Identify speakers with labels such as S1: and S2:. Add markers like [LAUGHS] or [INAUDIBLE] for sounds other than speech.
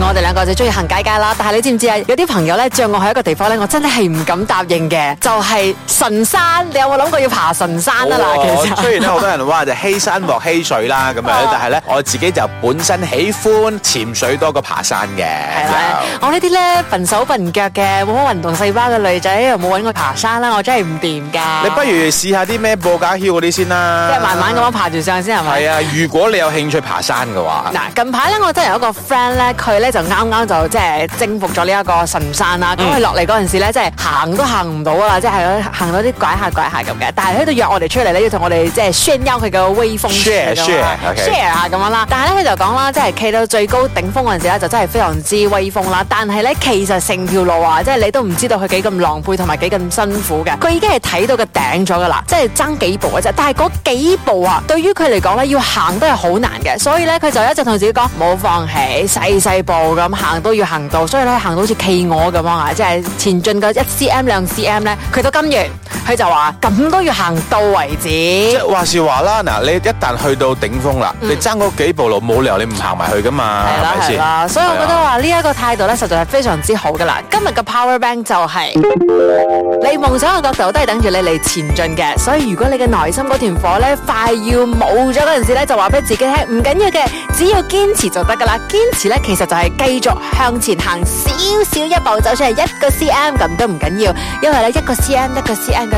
S1: 我哋兩個就中意行街街啦，但係你知唔知啊？有啲朋友咧，叫我去一個地方咧，我真係係唔敢答應嘅，就係、是、神山。你有冇諗過要爬神山啊？啦、哦，其實雖然好
S2: 多人話就欺、是、山莫欺水啦咁樣， [LAUGHS] 但係咧 [LAUGHS] 我自己就本身喜歡潛水多過爬山嘅。係
S1: 啊，後我這些呢啲咧笨手笨腳嘅冇乜運動細胞嘅女仔又冇揾過爬山啦，我真係唔掂噶。你不
S2: 如試下啲咩布假橇嗰啲先啦，即係慢慢咁樣爬住上先係咪？係啊，啊啊如果你有興趣爬山嘅話，嗱，
S1: 近排咧我真係有一個 friend 咧，佢咧。就啱啱就即係、就是、征服咗呢一個神山啦！咁佢落嚟嗰陣時咧，即係行都行唔到啦，即係行到啲拐下拐下咁嘅。但係喺度約我哋出嚟咧，要同我哋即係炫耀佢嘅威風。share share share 咁樣啦！Okay. 但係咧佢就講啦，即係企到最高頂峰嗰陣時咧，就真係非常之威風啦。但係咧，其實成條路啊，即係你都唔知道佢幾咁狼狽同埋幾咁辛苦嘅。佢已經係睇到個頂咗噶啦，即係爭幾步嘅啫。但係嗰幾步啊，對於佢嚟講咧，要行都係好難嘅。所以咧，佢就一直同自己講：冇放棄，細細步。咁行都要行到，所以咧，行到好似企鵝咁啊！即係前進個一 cm, cm、兩 cm 咧，佢都跟完。佢就話咁都要行到為止，即係話是
S2: 話啦。嗱，你一旦去到頂峰啦，嗯、你爭嗰幾步路冇理由你唔行埋去噶嘛，係咪先？所以我覺得話
S1: 呢一個態度咧，實在係非常之好噶啦。啊、今日嘅 Power Bank 就係、是、你夢想嘅角度都係等住你嚟前進嘅，所以如果你嘅內心嗰團火咧快要冇咗嗰陣時咧，就話俾自己聽唔緊要嘅，只要堅持就得噶啦。堅持咧其實就係繼續向前行少少一步，就算係一個 cm 咁都唔緊要，因為咧一個 cm 一個 cm 嘅。